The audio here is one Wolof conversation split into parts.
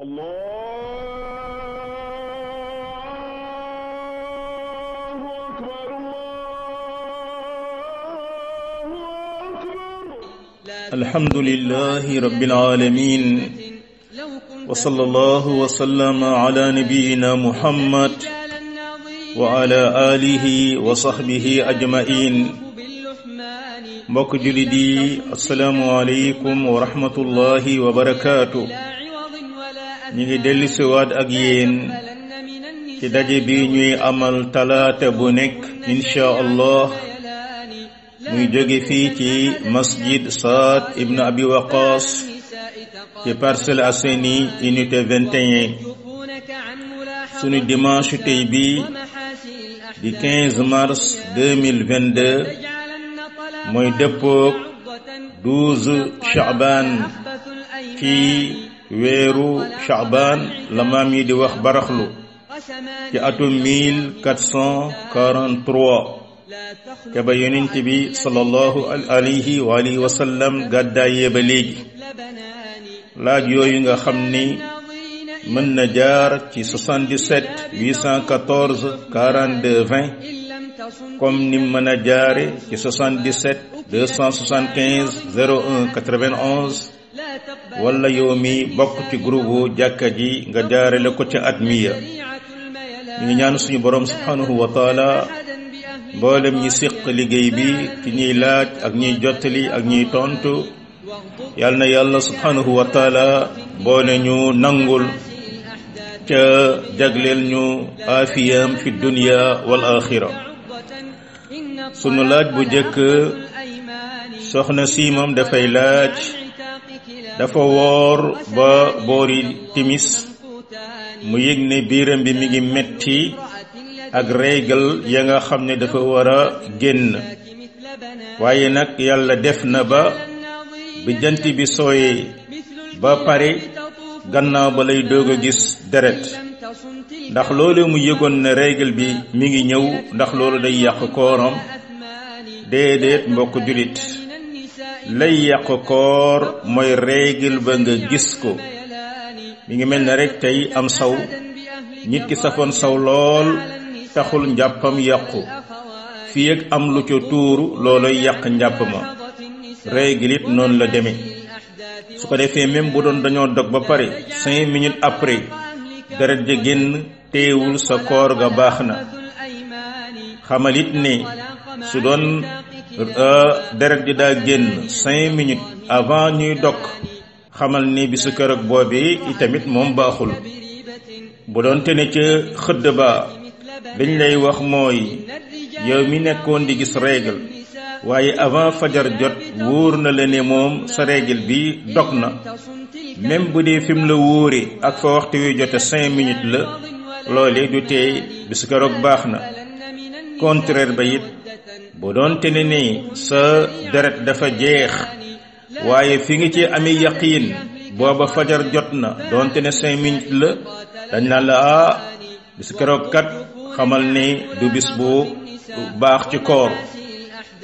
الله أكبر الله أكبر الحمد لله رب العالمين وصلى الله وسلم على نبينا محمد وعلى آله وصحبه أجمعين mbokk السلام عليكم ورحمة الله وبركاته ñu ngi dellusiwaat ak yéen ci daje bi ñuy amal talaata bu nekk insha allah muy jóge fii ci masjid saad ibn abi waqas ci Parcelles Assainies unité 21 sunu dimanche tey bi di 15 mars 2022 mooy dëppook 12 chaban ci weeru chaabaan la maam yi di wax baraxlu ci atum 1443 te ba yonent bi sallallahu alayhi wa alihi wa sallam gàddaayee ba léegi laaj yooyu nga xam ni mën na jaar ci 77 814 42 20 comme ni mën a jaare ci 77 275 01 91 wala yow mi bokk ci groupe jàkka ji nga jaarale ko ca at miya ñu ñaan suñu borom subhanahu wa taala mboolem ñi siq liggéey bi ci ñiy laaj ak ñiy jottali ak ñiy tontu yal na yàlla subhanahu wa taala boole ñu nangul ca jagleel ñu aafiyam fi dunya wal axira sunu laaj bu jëkk soxna si dafay laaj dafa woor ba boori timis mu yëg ne biiram bi mi ngi metti ak régal ya nga xam ne dafa war a génn waaye nag yàlla def na ba bi jant bi sooyee ba pare gannaaw ba lay doog a gis deret ndax loolu mu yëgoon ne régal bi mi ngi ñëw ndax loolu day yàq kooram déedéet mbokk jullit lay yàq koor mooy règle ba nga gis ko mi ngi mel ne rekk tey am saw nit ki safoon saw lool taxul njàppam yàqu fii ak am lu ca tuuru looloy yàq njàpp ma it noonu la deme su ko defee même bu doon dañoo dog ba pare cinq minutes après deret ja génn teewul sa koor ga baax na xamal it ne su doon Euh, deret bi daa génn cinq minutes avant ñuy dokk xamal ni bi su kër ak boobi itamit moom baaxul bu doon te ca xëdd ba dañ lay wax mooy yow mi nekkoon di gis règle waaye avant fajar jot wóor na la ne moom sa règle bi dog na même bu dee fi mu la wóoree ak fa waxtu wi jote minutes la loole du tee bi baax na contraire ba it bu doonte ne ni sa deret dafa jeex waaye fi nga ci amee yaqiin booba fajar jot na doonte ne cinq minutes la dañ naan la ah bis keroog kat xamal ni du bis bu baax ci koor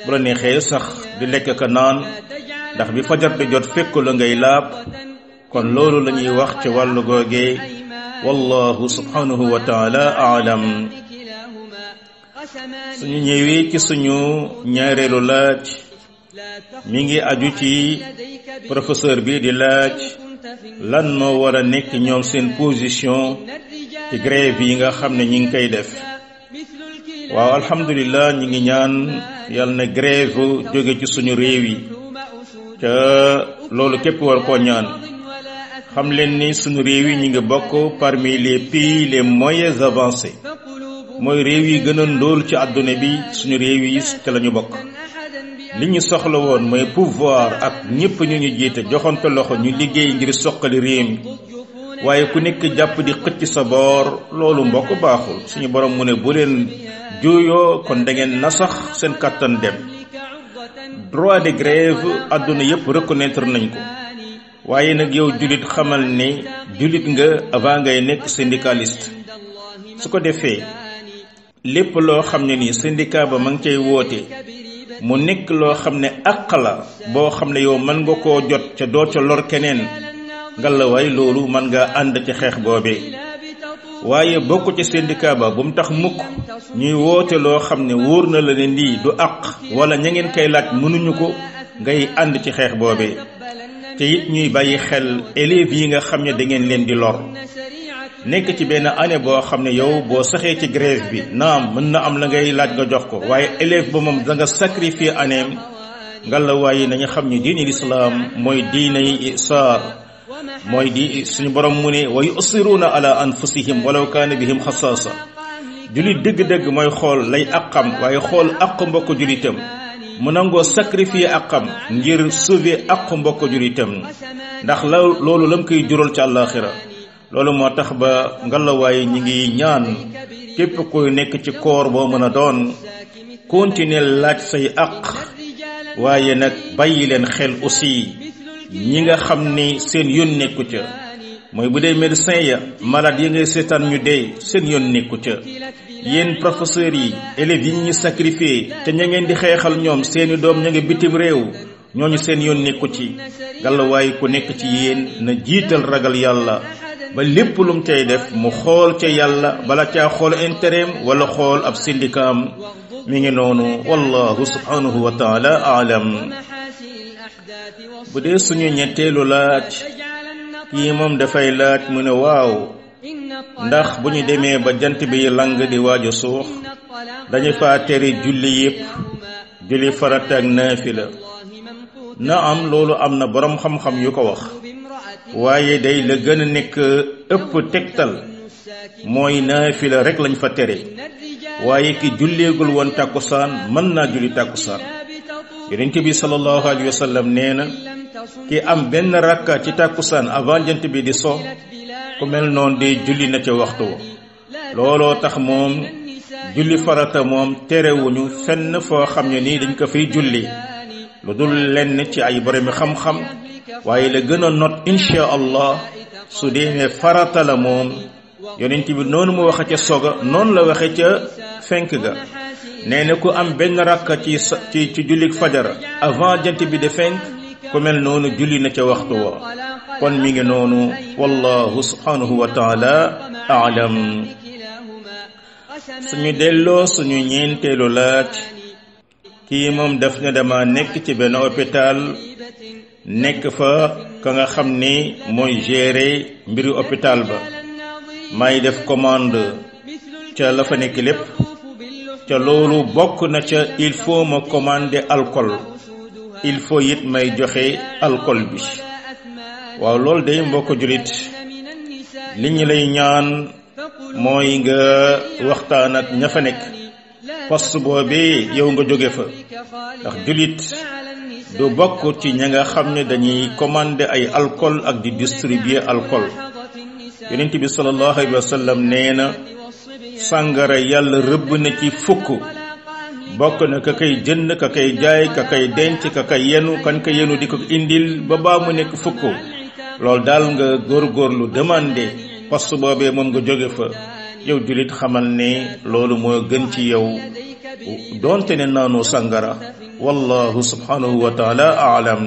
bu la neexee sax di lekk ka naan ndax bi fajar di jot fekk la ngay laab kon loolu la ñuy wax ci wàllu googee wallahu subhanahu wa taala aalam suñu ñëwee ci suñu ñaareelu laaj mi ngi aju ci professeur bi di laaj lan moo war a nekk ñoom seen position ci grève yi nga xam ne ñi ngi koy def waaw alhamdulilah ñi ngi ñaan yal na grève jóge ci suñu réew yi te loolu képp war koo ñaan xam leen ni suñu réew yi ñu ngi bokk parmi les pays les moyens avancés mooy réew yi gën a ndóol ci àdduna bi suñu réew yi te la bokk li ñu soxla woon mooy pouvoir ak ñëpp ñu ngi jiite joxante loxo ñu liggéey ngir soqali réew mi waaye ku nekk jàpp di xëcc sa boor loolu mbokk baaxul suñu borom mu ne buleen leen juuyoo kon da ngeen na sax seen kàttan dem droit de grève àdduna yëpp reconnaître nañ ko waaye nag yow jullit xamal ne jullit nga avant ngay nekk syndicaliste su ko defee lépp loo xam ne nii syndicat ba ma ngi cay woote mu nekk loo xam ne àq la boo xam ne yow mën nga ko jot ca door ca lor keneen ngalawaay loolu mën nga ànd ci xeex boobe waaye bokk ci syndicat ba bu mu tax mukk ñuy woote loo xam ne wóor na la ne lii du àq wala ña ngeen koy laaj mënuñu ko ngay ànd ci xeex boobe te it ñuy bàyyi xel élèves yi nga xam ne dangeen leen di lor nekk ci benn année boo xam ne yow boo saxee ci grève bi naam mën na am la ngay laaj nga jox ko waaye élève ba moom da nga sacrifier aneem nga la waaye nañu xam ni diine lislaam mooy diine isaar mooy di suñu borom mu ne wa yusiruna ala anfusihim walaw kaana bihim xasaasa julit dëgg-dëgg mooy xool lay aqam waaye xool aq mbokk julitam mu nangoo sacrifier aqam ngir sauver aq mbokk julitam ndax la loolu lam koy jural ci àllaaxira loolu moo tax ba ngalawaay ñi ngi ñaan képp kuy nekk ci koor boo mën a doon continuer laaj say àq waaye nag bàyyi leen xel aussi ñi nga xam ni seen yoon nekku ca mooy bu dee médecin ya malade yi ngay seetaan ñu dee seen yoon nekku ca yéen professeurs yi élèves yi ñu sacrifié te ña ngeen di xeexal ñoom seeni doom ña ngi bitim réew ñooñu seen yoon nekku ci ngalawaay ku nekk ci yéen na jiital ragal yàlla ba lépp lum cay def mu xool ca yàlla bala caa xool intérim wala xool ab syndicat mi ngi noonu wallahu subhanahu wa taala aalam bu dee suñu ñetteelu laaj kii moom dafay laaj mu ne waaw ndax bu ñu demee ba jant bi lang di waaj a suux dañu faa tere julli yépp julli farata ak naafila na am loolu am na borom xam-xam yu ko wax waaye day la gën a nekk ëpp tegtal mooy naafila rekk lañ fa tere waaye ki julleegul woon tàkkusaan mën naa julli tàkkusaan yonent bi sallallahu alayhi nee na am benn rakka ci tàkkusaan avant bi di so ku mel noonu de julli na ci waxtu wa looloo tax moom julli farata moom terewuñu fenn foo xam ne nii dañ ko fi julli lu dul lenn ci ay boromi xam-xam waaye la gën a not insha allah su dee farata la moom yonent bi noonu mu waxe ca soga noonu la waxe ca fenk ga nee na ku am benn rakk ci ci ci jullik fajara avant jant bi de fenk ku mel noonu julli na ca waxtu wa kon mi ngi noonu wallahu subhanahu wa taala alam suñu delloo suñu ñeenteelu laaj kii moom def ne dama nekk ci benn hôpital nekk fa ka nga xam ni mooy gérer mbiru hôpital ba may def commande ca la fa nekk lépp ca loolu bokk na ca il faut ma commander alcool il faut it may joxe alcole bi waaw loolu day mbokk jullit li ñu lay ñaan mooy nga waxtaan ak ña fa nekk post boobee yow nga jóge fa ndax jullit du bokk ci ña nga xam ne dañuy commander ay alcool ak di distribuer alcool yonent bi sallallahu alayhi wa sallam nee na sàngara yàlla rëbb na ci fukk bokk na ka kay jënd ka kay jaay ka kay denc ka kay yenu kan ka yenu di ko indil ba baa mu nekk fukk loolu daal nga góor góorgóorlu demandé post boobee moom nga jóge fa yow jullit xamal ne loolu moo gën ci yow doonte ne naanoo sàngara wallahu subhanahu wa taala aalam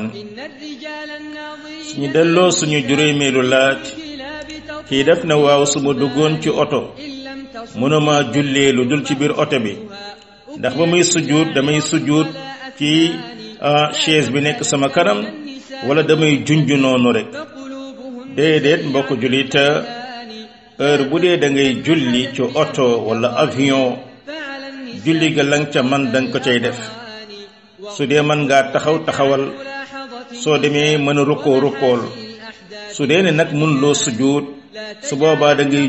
suñu delloo suñu juróomeelu laaj kii def na waaw suma duggoon ci oto mënuma jullee lu dul ci biir oto bi ndax ba muy sujjuut damay sujjuut ci chaise bi nekk sama kanam wala damay junj noonu rek déedéet mbokk jullit heure bu dee da ngay julli ci oto walla avion julli ga lang ca man danga ko cay def su dee man ngaa taxaw taxawal soo demee mën a rukkoo rukkool su dee ne nag mun loo sujjuut su boobaa da ngay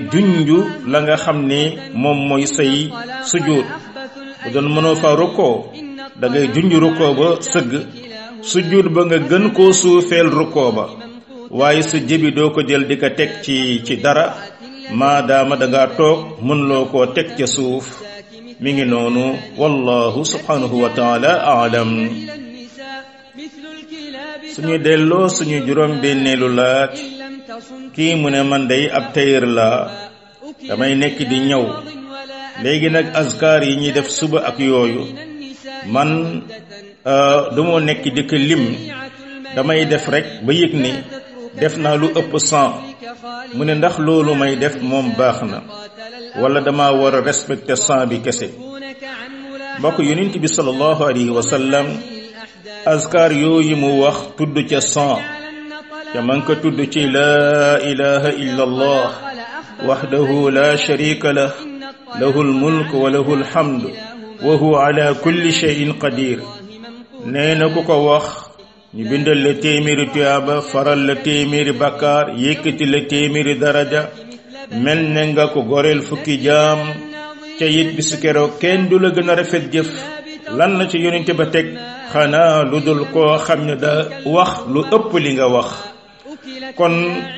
la nga xam ne moom mooy say sujjuut bu doon mënoo fa rukkoo da ngay junju rukkoo ba sëgg sujjuut ba nga gën koo suufeel rukkoo ba waaye su jëbi doo ko jël di ko teg ci ci dara maadaama danga toog munloo koo teg ca suuf mi ngi noonu wallahu subhanahu wa taala alam suñu delloo suñu juróom bennelu laaj kii mu ne man day ab tayir la damay nekk di ñëw léegi nag askar yi ñuy def suba ak yooyu man euh, du moo nekk dikk lim damay def rek ba yëg ni def naa lu ëpp cent mu ne ndax loolu may def moom baax na wala dama war a respecté cent bi kese mbokk yonent bi salallahu alayhi wa sallam azkar yooyu mu wax tudd ca cent te man ko tudd ci laa ilaha illa allah wahdahu la sharika lah lahu almulk wa lahu alhamd wa huwa ala kulli shayin qadir nee na ku ñu bindal la téeméeri tuyaaba faral la téeméeri bakkaar yëkkati la téeméeri daraja mel na nga ko goreel fukki jaam te it bisu keroog kenn du la gën a rafet jëf lan la ci yonente ba teg xanaa lu dul koo xam ne da wax lu ëpp li nga wax kon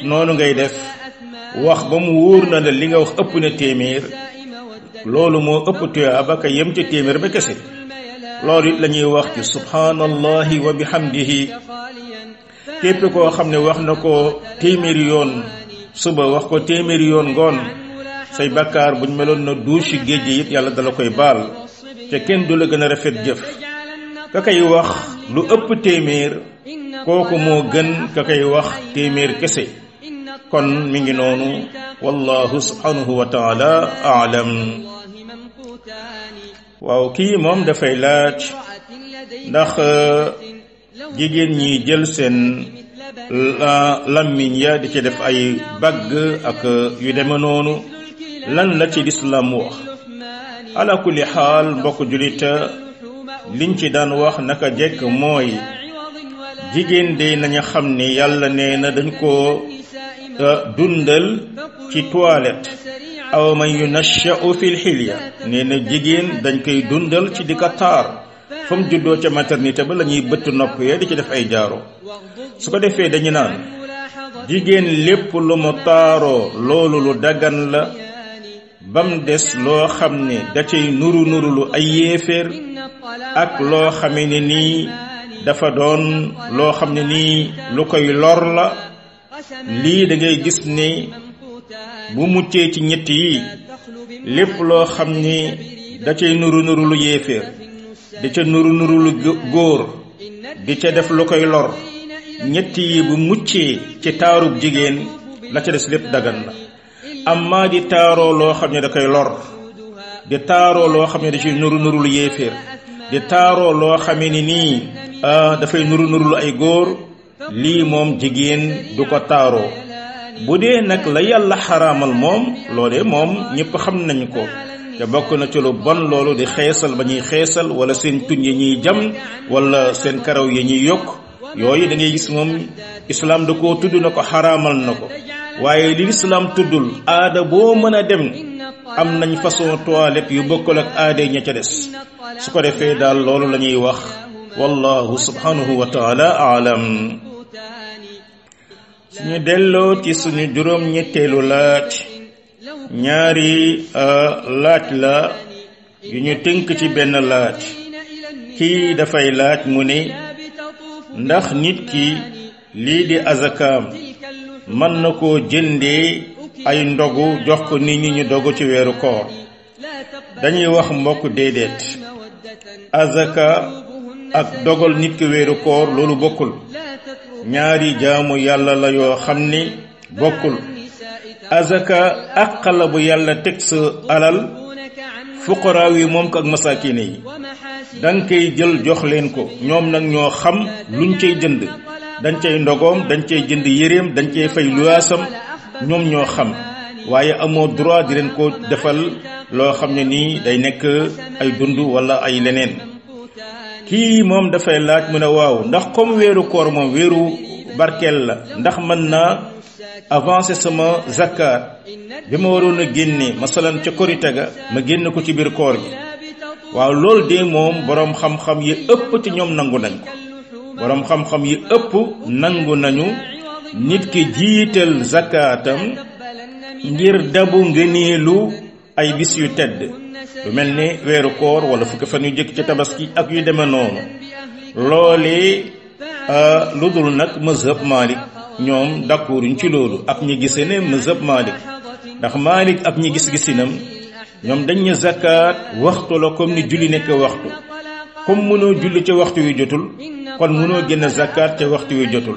noonu ngay def wax ba mu wóor na la li nga wax ëpp na téeméer loolu moo ëpp tuyaaba ka yem ca téeméer ba kese loolu lañuy wax ci subhanallahi wa bihamdihi képp ko xamne wax nako ko yon suba wax ko téeméeri yon ngoon say bakkaar buñ melon na duusi géej yit yàlla dala koy bal te ken du la gën rafet jëf ka koy wax lu ëpp téeméer koku mo gën ka koy wax téeméer kesse kon mi ngi nonu wallahu subhanahu wa taala aalam waaw kii moom dafay laaj ndax euh, jigéen ñi jël seen làmmiñ ya di ci def ay bagg ak euh, yu deme noonu lan la ci lislaam wax ala kulli xaal mbokk julita euh, liñ ci daan wax naka jekk mooy jigéen de nañu xam ne yàlla nee na dañ ko dundal ci toilette aw man yunashsha'u fil hilya neena jigéen dañ koy dundal ci di taar fam juddoo ca maternité ba lañuy bëtt nopp ya di ci def ay jaaro su ko defee dañu naan jigéen lépp lu mu taaroo loolu lu dagan la bam des loo xam ne da cay nuru nuru lu ay yéeféer ak loo xamee ne nii dafa doon loo xam ne nii lu koy lor la lii da ngay gis ni bu muccee ci ñetti yi lépp loo xam ni da cay nuru nuru lu yéeféer di ca nuru nuru lu góor di ca def lu koy lor ñetti yi bu muccee ci taarub jigéen la ca des lépp dagan la amma di taaroo loo xam ne da koy lor di taaroo loo xam ne da ciy nuru nuru lu yéeféer di taaroo loo xamee ni nii ah, dafay nuru nuru lu ay góor lii moom jigéen du ko taaroo bu dee nag la yàlla xaraamal moom loole moom ñëpp xam nañu ko te bokk na ci lu bon loolu di xeesal ba ñuy xeesal wala seen tuñ yi ñuy jam wala seen karaw yi ñuy yokk yooyu da ngay gis moom islaam da koo tudd na ko xaraamal na ko waaye li lislaam tuddul aada boo mën a dem am nañ façon toilette yu bokkul ak aada ña ca des su ko defee daal loolu la ñuy wax wallahu subhanahu wa taala alam suñu delloo ci sunu juróom ñetteelu laaj ñaari laaj la yu ñu tënk ci benn laaj kii dafay laaj mu ne ndax nit ki lii di azakaam mën na koo jëndee ay ndogu jox ko nit ñi ñu dogu ci weeru koor dañuy wax mbokk déedéet azaka ak dogal nit ki weeru koor loolu bokkul ñaari jaamu yàlla la yoo xam ni bokkul azaka àq bu yàlla teg sa alal fuqaraa yi moom ko ak masaakiine yi danga koy jël jox leen ko ñoom nag ñoo xam luñ cay jënd dañ cay ndogoom dañ cay jënd yéreem dañ cay fay luwaasam ñoom ñoo xam waaye amoo droit di leen ko defal loo xam ne nii day nekk ay dund walla ay leneen kii moom dafay laaj mu ne waaw ndax comme weeru koor moom weeru barkeel la ndax mën naa avancer sama zakkaat bi ma waroon a génne masalan ca korite ga ma génn ko ci biir koor gi waaw lool de moom boroom xam-xam yi ëpp ci ñoom nangu nañ ko boroom xam-xam yi ëpp nangu nañu nit ki jiital zakkaatam ngir dabu ngëneelu ay bis yu tedd lu mel ni weeru koor wala fukki fan yu jëkk ci tabaski ak yu demee noonu loolee euh, lu dul nag mazhab Malik ñoom d'accorduñ ci loolu ak ñi gis ne mazhab Malik ndax Malik ak ñi gis-gisinam ñoom dañ ñu zakaat waxtu la comme ni julli nekk waxtu comme mënoo julli ca waxtu wi jotul kon mënoo génn zakaat ca waxtu wi jotul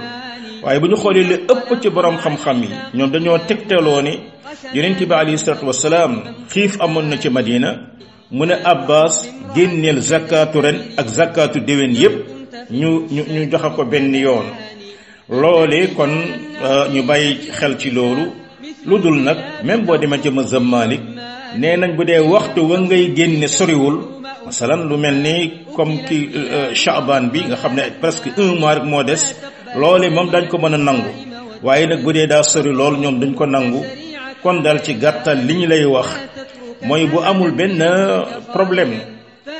waaye bu ñu xoolee li ëpp ci boroom xam-xam yi ñoom dañoo tegtaloo ne yonent bi alayhi salaatu wasalaam xiif amoon na ci madina mu ne abbas génneel zakkaatu ren ak zakkaatu déwén yépp ñu ñu ñu joxe ko benn yoon loole kon euh, ñu bàyyi xel ci loolu lu dul nag même boo demee ci mazhab Malik nee nañ bu dee waxtu wa ngay génne soriwul masalan lu mel ni comme ki Chaban euh, bi nga xam ne presque un mois moo des loole moom dañ ko mën a nangu waaye nag bu dee daa sori loolu ñoom duñ ko nangu kon daal ci gàttal li ñu lay wax mooy bu amul benn problème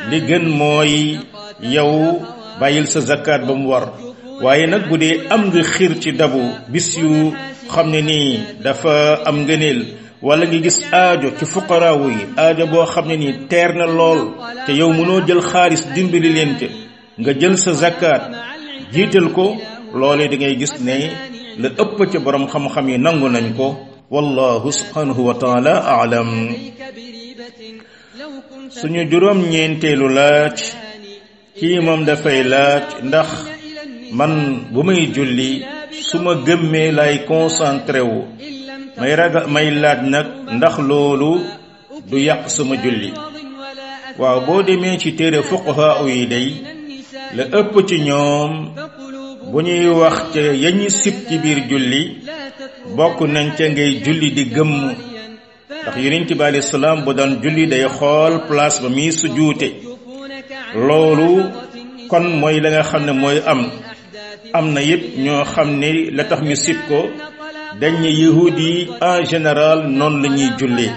li gën mooy yow bàyyil sa zakkaat ba mu war waaye nag bu dee am nga xiir ci dabu bis yu xam ne nii dafa am ngëneel wala nga gis aajo ci fuqaraawu yi aajo boo xam ne nii teer na lool te yow mënoo jël xaalis dimbali leen te nga jël sa zakkaat jiital ko loolee da gis ne la ëpp ci boroom xam-xam yi nangu nañ ko wallahu subhanahu wa taala aalam suñu juróom ñeenteelu laaj kii moom dafay laaj ndax man bu may julli su ma gëmmee lay concentré wu may raga may laaj nag ndax loolu du yàq suma julli waaw boo demee ci téere fuqaha yi day la ëpp ci ñoom bu ñuy wax ca yañu sib ci biir julli bokk nañ ca ngay julli di gëmm ndax yonent bi alayhi salaam bu daan julli day xool place ba muy sujuute loolu kon mooy la nga xam ne mooy am am na yépp ñoo xam ne la tax ñu sib ko dañ ne en général noonu la ñuy jullee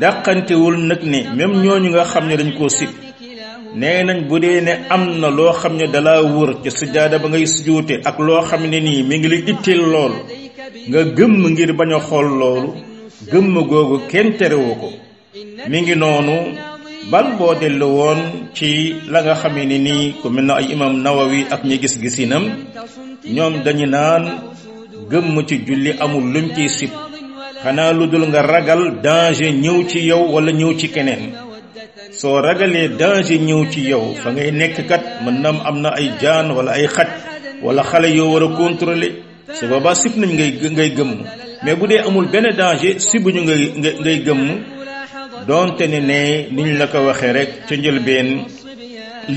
dàqantewul nag ne même ñooñu nga xam ne dañ ko sib nee nañ bu dee ne am na loo xam ne dalaa wër ci sujaada ba ngay sujuute ak loo xam ne nii mi ngi la itteel lool nga gëmm ngir bañ a xool loolu gëmm googu kenn terewoo ko mi ngi noonu bal boo dellu woon ci la nga xamee ni nii ku mel na ay imam nawawi ak ñi gis-gisinam ñoom dañu naan gëmm ci julli amul luñ ciy sib xanaa lu dul nga ragal danger ñëw ci yow wala ñëw ci keneen soo ragalee danger ñëw ci yow fa ngay nekk kat mën na am na ay jaan wala ay xaj wala xale yoo war a su boobaa sib nañ ngay ngay gëmm mais bu dee amul benn danger sibuñu nga ngay gëmm doonte ne ne niñ la ko waxee rek ca njëlbeen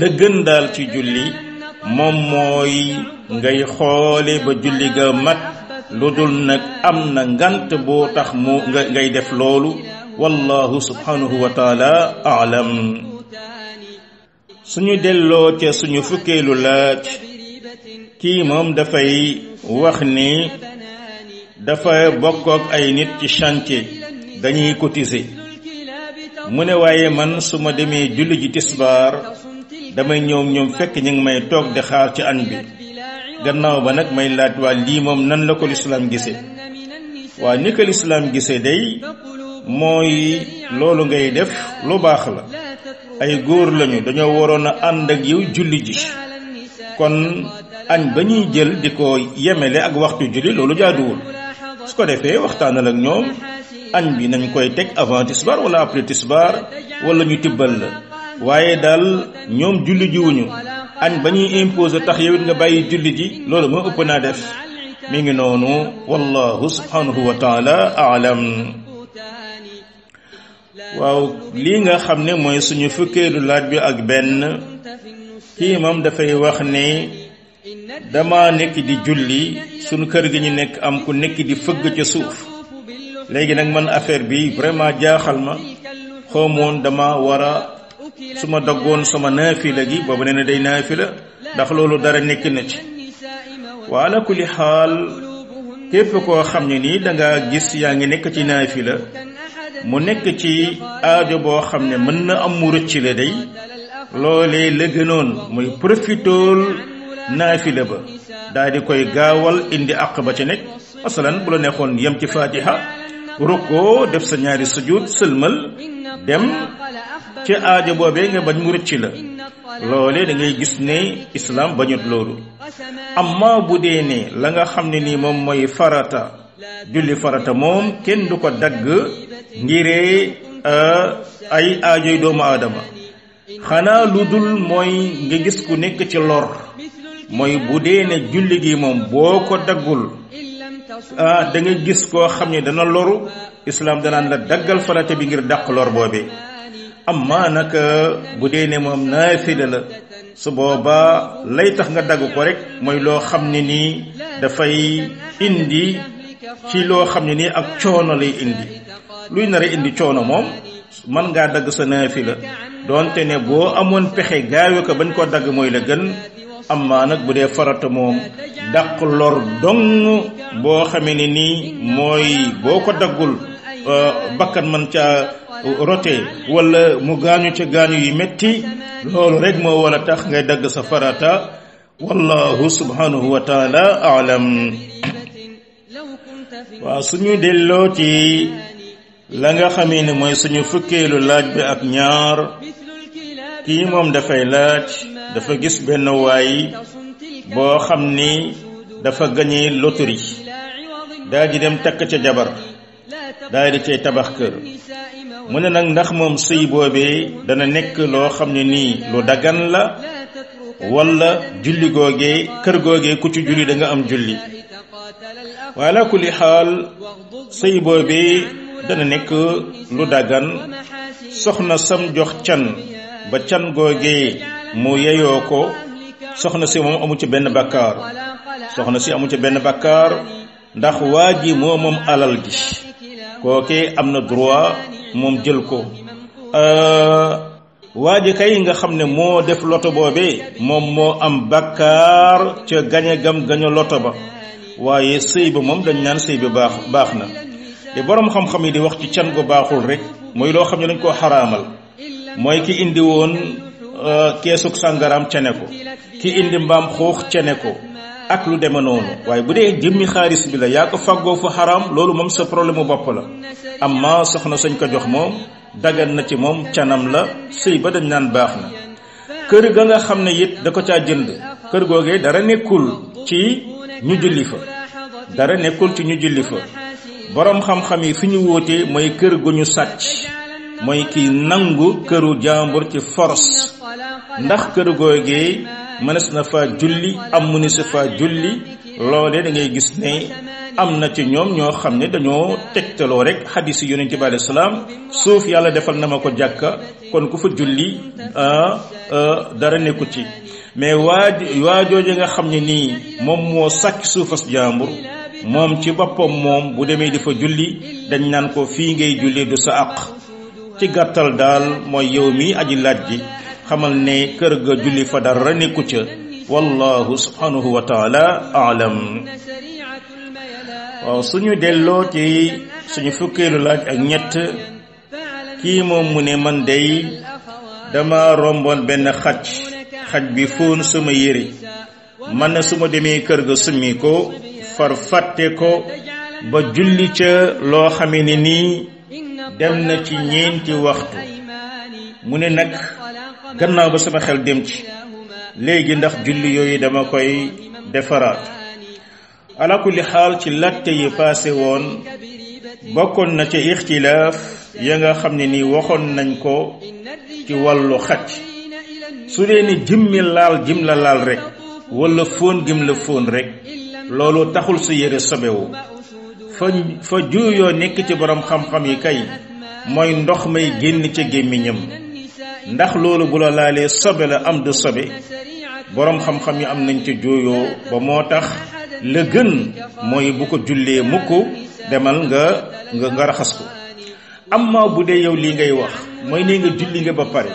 la gën daal ci julli moom mooy ngay xoole ba julli ga mat lu dul nag am na ngant boo tax mu nga ngay def loolu wallahu subhanahu wa taala aalam suñu delloo ca suñu fukkeelu laaj kii moom dafay wax ni dafa bokkook ay nit ci chantier dañuy cotiser mu ne waaye man su ma demee julli ji tisbaar damay ñëw ñoom fekk ñu ngi may toog di xaar ci añ bi gannaaw ba nag may laaj waa lii moom nan la ko lislaam gisee waa ni ko lislaam gisee day mooy loolu ngay def lu baax la ay góor lañu dañoo waroon a ànd ak yow julli ji kon añ ba ñuy jël di ko yemele ak waxtu julli loolu jaaduwul su ko defee waxtaanal ak ñoom añ bi nañ koy teg avant tisbar wala après tisbar wala ñu tibbal la waaye daal ñoom julli ji wuñu añ ba ñuy imposer tax yow it nga bàyyi julli ji loolu moo ëpp naa def mi ngi noonu wallahu subhanahu wa taala alam waaw lii nga xam ne mooy suñu fukkeelu laaj bi ak benn kii moom dafay wax dama nekk di julli suñu kër gi ñu nekk am ku nekk di fëgg ca suuf léegi nag man affaire bi vraiment jaaxal ma xoomoon dama war a su ma sama naafila gi boobu nee na day naafila ndax loolu dara nekk na ci waa ala kulli xaal képp koo xam ne nii danga gis yaa ngi nekk ci naafila mu nekk ci aajo boo xam ne mën na am mu rëcc la day loolee la gënoon muy profitool naafile ba daal koy gaawal indi àq ba ci nekk masalan bu la neexoon yem ci fatiha rukkoo def sa ñaari sujud sëlmal dem ci aajo boobee nga bañ mu rëcc la loole da ngay gis ne islaam bañut loolu amma bu dee ne la nga xam ne nii moom mooy farata julli farata moom kenn du ko dagg ngiree euh, ay aajoy doomu aadama xanaa lu dul mooy nga gis ku nekk ci lor mooy bu dee ne julli gi moom boo ko daggul ah da nga gis koo xam ne dana loru islaam danaan la daggal farata bi ngir dàq lor boobee maa nag bu dee ne moom naafila la su boobaa lay tax nga dagg ko rek mooy loo xam ne nii dafay indi ci loo xam ne nii ak coono lay indi luy nar a indi coono moom mën ngaa dagg sa la donte ne boo amoon pexe gaawe ko bañ koo dagg mooy la gën amma nag bu dee farata moom dàq lor dong boo xamee ni nii mooy boo ko daggul euh, bakkan man ca rote walla mu gaañu ca gaañu yu metti loolu rek moo war a tax ngay dagg sa farata wallahu subhanahu wa taala alam waaw suñu delloo ci la nga xamee ne mooy suñu fukkeelu laaj bi ak ñaar kii moom dafay laaj dafa gis benn waay boo xam ni dafa gañe loterie daal dem takk ca jabar daldi di cay tabax kër mu ne nag ndax moom sëy boobee dana nekk loo xam ne nii lu daggan la wala julli googee kër googee ku ci julli danga am julli waaye ala kulli xaal sëy boobee dana nekk lu dagan soxna sam jox can ba can googee mu yeyoo ko soxna si moom amu ci benn bakkaar soxna si amu ci benn bakkaar ndax waa ji moo moom alal gi kooke am na droit moom jël ko waa ji kay nga xam ne moo def loto boobee moom moo am bakkaar ca gañe gam gaño loto ba waaye sëy ba moom dañ naan sëy bi baax baax na borom xam-xam yi di wax ci can gu baaxul rek mooy loo xam ne dañ haramal, xaraamal ki indi won Euh, keesug sàngaraam cene ko ki indi mbaam xuux cene ko ak lu deme noonu waaye bu dee jëmmi xaalis bi la yaa ko faggoo fu xaraam loolu moom sa problème mu bopp la amma soxna sañ ko jox moom dagan na ci moom canam la sëy ba dañ naan baax na kër ga nga xam ne it da ko caa jënd kër googee dara nekkul ci ñu julli fa dara nekkul ci ñu julli fa boroom xam-xam yi fi ñu wóotee mooy kër gu ñu sàcc mooy kiy nangu këru jàmbur ci force ndax kër googee mënees na fa julli am mu ni si fa julli loole da ngay gis ne am na ci ñoom ñoo xam ne dañoo tegtaloo rek xadis yi yonente bi alei salaam suuf yàlla defal na ma ko jàkka kon ku fa julli ah, ah, dara nekku ci mais waa waa jooje nga xam ne nii moom moo sàkk suufas jaambur moom ci boppam moom bu demee di fa julli dañ naan ko fii ngay julli du sa àq ci gàttal daal mooy yow mii aji laaj ji xamal ne kër ga julli fa dara nekku ca wallahu subhanahu wa taala alam waaw suñu delloo ci suñu fukkeelu laaj ak ñett kii moom mu ne man dey dama romboon benn xaj xaj bi fóon suma yére man na suma demee kër ga summi ko far ko ba julli ca loo xame ne nii dem na ci ñeenti waxtu mu ne nag gannaaw ba sama xel dem ci léegi ndax julli yooyu dama koy defaraat ala kulli xaal ci latte yi paase woon bokkoon na ca ixtilaaf ya nga xam ne ni waxoon nañ ko ci wàllu xacc su leen ni jëmmi laal jim la laal rekk wala fóon gim la fóon rek loolu taxul si yére sobewu fa fa juuyoo nekk ci boroom xam-xam yi kay mooy ndox may génn ca gémmiñam ndax loolu bu la laalee sobe la am du sobe boroom xam-xam yi am nañ ca jooyoo ba moo tax la gën mooy bu ko jullee mukk demal nga nga nga raxas ko amma bu dee yow lii ngay wax mooy nii nga julli nga ba pare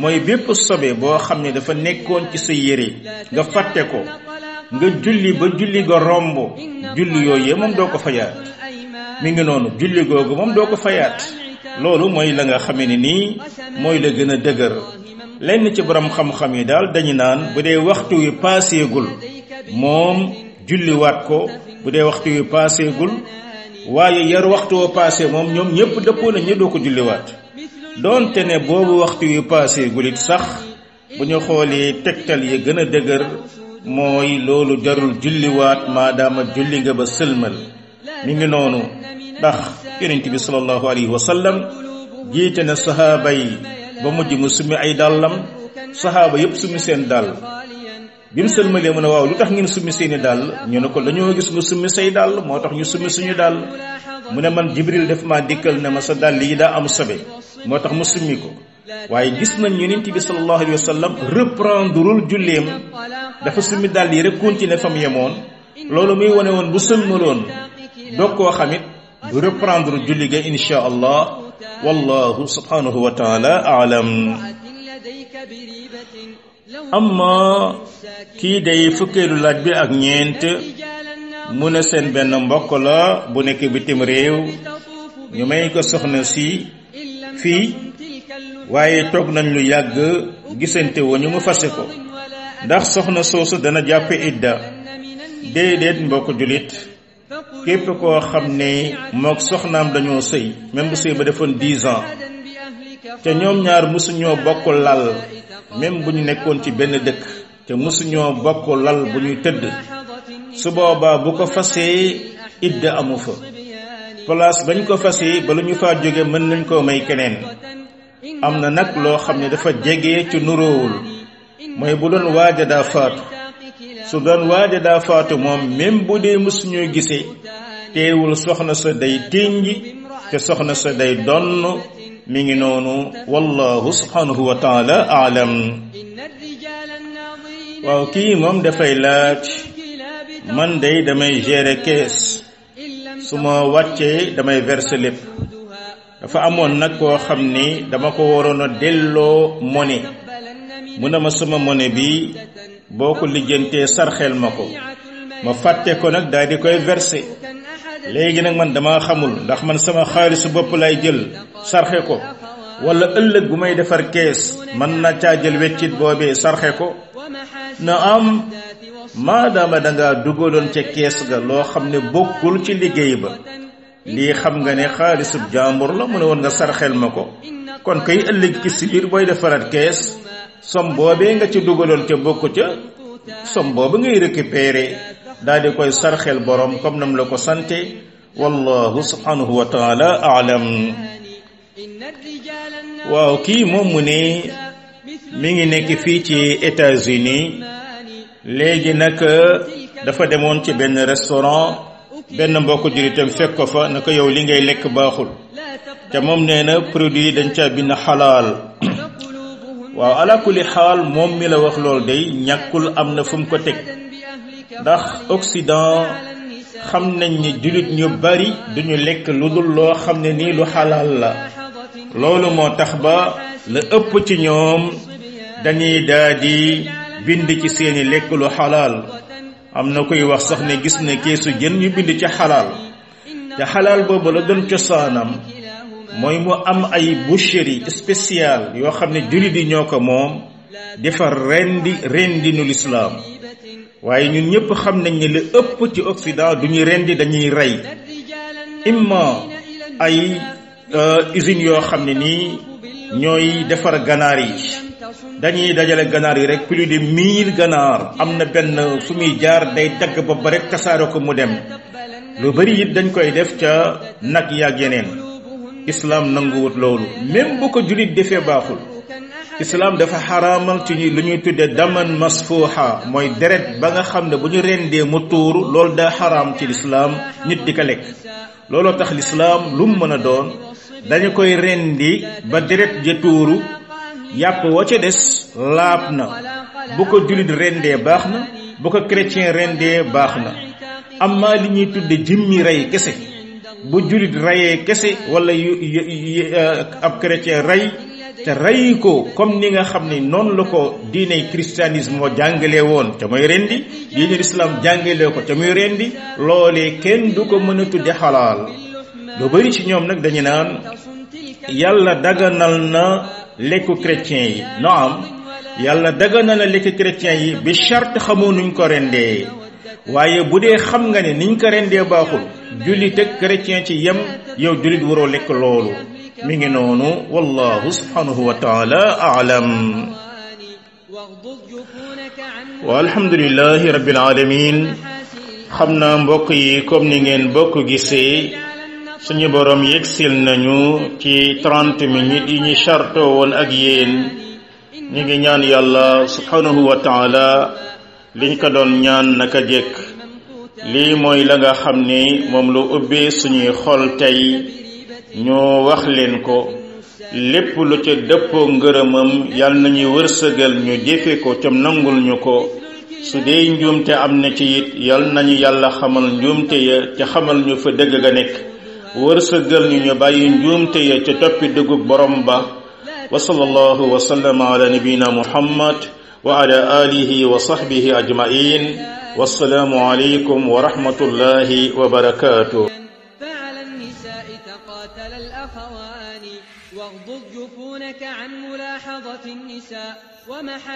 mooy bépp sobe boo xam ne dafa nekkoon ci sa yére nga fàtte ko nga julli ba julli ga romb julli yooyu moom doo ko fayaat mi ngi noonu julli googu moom doo ko fayaat loolu mooy la nga xamee ne nii mooy la gën a dëgër lenn ci borom xam-xam yi daal dañu naan bu dee waxtu wi paaseegul moom julliwaat ko bu dee waxtu wi paaseegul waaye yar waxtu wa paase moom ñoom ñëpp dëppoo nañ ñu ko julliwaat doonte ne boobu waxtu wi paaseegul it sax bu ñu xoolee tegtal yi gën a dëgër mooy loolu jarul julliwaat maadaama julli nga ba sëlmal mi ngi noonu ndax yonent bi sallallahu alayhi wa sallam jiite na saxaaba yi ba mujj mu summi ay dàllam saxaaba yëpp summi seen dàll bi mu sëlmalee mu ne waaw lu tax ngeen summi seeni dàll ñu ne ko dañoo gis nga summi say dàll moo tax ñu summi suñu dàll mu ne man jibril def maa dikkal ne ma sa dàll yi daa amu sobe moo tax mu summi ko waaye gis nañ yonent bi sallallahu alayhi wa sallam reprendreul julleem dafa summi dàll yi rek continuer fa mu yemoon loolu woon bu sëlmaloon doog koo xamit reprendre julli ga insha allah wallahu subhanahu wa alam amma kii day fukkeelu laaj bi ak ñeent mu ne seen benn mbokk la bu nekk bitim réew ñu may ko soxna si fii waaye toog nañ lu yàgg gisante woo mu fase ko ndax soxna soosu dana jàppe idda déedéet mbokk jullit képp koo xam ne mook soxnaam dañoo sëy même bu sëy ba defoon dix ans ñoom ñaar mosuñoo bokkul lal même bu ñu nekkoon ci benn dëkk te mosuñoo bokk lal bu ñuy tëdd su boobaa bu ko fasee idda amu fa place bañ ko fasee ba lu ñu fa jóge mën nañ koo may keneen am na nag loo xam ne dafa jege ci nuroowul mooy bu doon waaja daa faatu su doon waaja daa faatu moom même bu dee mësuñoo gisee teewul soxna sa day ténji te soxna sa day donn mi ngi noonu wallahu subhanahu wa taala aalam waaw kii moom dafay laaj man day damay gérer kees su ma wàccee damay verser lépp dafa amoon nag koo xam ni dama ko waroon a delloo monnaie mu ne ma sama monnaie bi boo ko lijjantee sarxel ma ko ma fàtte ko nag daal koy verser léegi nag man dama xamul ndax man sama xaalisu bopp lay jël sarxe ko wala ëllëg bu may defar kees man naa caa jël weccit boobee sarxe ko na am maadaama danga dugaloon ca kees ga loo xam ne bokkul ci liggéey ba li xam nga ne xaalisub jaambur la mu ne woon nga sarxel ma ko kon kay ëllëg ci si booy defaraat kees som boobee nga ci dugaloon ca bokk ca som boobu ngay récupérer daal di koy sarxel borom comme nam la ko sante wallahu subhanahu wa alam waaw kii moom mu ne mi ngi nekk fii ci États-Unis léegi nag dafa demoon ci benn restaurant benn mbokk jullitam fekk ko fa na yow li ngay lekk baaxul te moom nee na produit dañ caa bind xalaal waaw ala kulli xaal moom mi la wax loolu day ñàkkul am na fu ko teg ndax Occident xam nañ ni jullit ñu bari duñu lekk lu dul loo xam ne nii lu xalaal la loolu moo tax ba la ëpp ci ñoom dañuy daal bind ci seeni lekk lu xalaal am na koy wax sax ne gis ne keesu jën ñu bind ca xalaal te xalaal boobu la doon cosaanam mooy mu am ay boucherie spéciale yoo xam ne jullit yi ñoo ko moom defar rendi rendinu lislaam waaye ñun ñëpp xam nañ ne li ëpp ci Occident du ñuy rendi dañuy rey imma ay euh, usines yoo xam ne nii ñooy defar ganaar yi dañuy dajale ganaar yi rek plus de mille ganaar am na benn fu muy jaar day dagg ba ba rek tasaare ko mu dem lu bari it dañ koy def ca nag yaag yeneen islaam nanguwut loolu même bu ko jullit defee baaxul islaam dafa xaraamal ci ñi lu ñuy tuddee daman masfuuxa mooy deret ba nga xam ne bu ñu rendee mu tuuru loolu daa xaraam ci lislaam nit di ko lekk looloo tax lislaam lu mu mën a doon dañu koy rendi ba deret ja tuuru yàpp wa ca des laab na bu ko jullit rendee baax na bu ko chrétien rendee baax na amma li ñuy tudde jëmmi rey kese bu jullit rayee kese wala yu uh, ab chrétien rey te rey ko comme ni nga xam ni noonu la ko diine christianisme moo jàngalee woon ca muy rendi diine islam jàngale ko ca muy rendi loole kenn du ko mën a tudde xalaal lu bëri ci ñoom nag dañu naan yàlla daganal na lekku chrétien yi no am yàlla daganal na lekku chrétien yi bi charte xamoo nuñ ko rendee waaye bu dee xam nga ne niñ ko rendee baaxul jullit chrétien ci yem yow jullit waroo lekk loolu mi ngi noonu wallahu subhanahu wa taala aalam walhamdulilahi rabbil alamin xam naa mbokk yi comme ni ngeen bokk gisee suñu boroom yegsil nañu ci trente minutes yi ñu charto woon ak yéen ngi ñaan yàlla subhanahu wa taala liñ ko doon ñaan naka jekk lii mooy la nga xam ni moom lu ubbee suñuy xool tey ñoo wax leen ko lépp lu ca dëppoo ngërëmam yal nañuy wërsëgal ñu jëfe ko ca nangul ñu ko su dee njuumte am na ci it yal nañu yàlla xamal njuumte ya te xamal ñu fa dëgg ga nekk wër wërsëgal ñu ñu bàyyi njuumte ya ca toppi dëggug borom ba wa sallallahu wa sallama ala muhammad wa ala wa sahbihi ajmain والسلام عليكم ورحمة الله وبركاته فعلى النساء تقاتل الأخوان واغضض جفونك عن ملاحظة النساء ومحا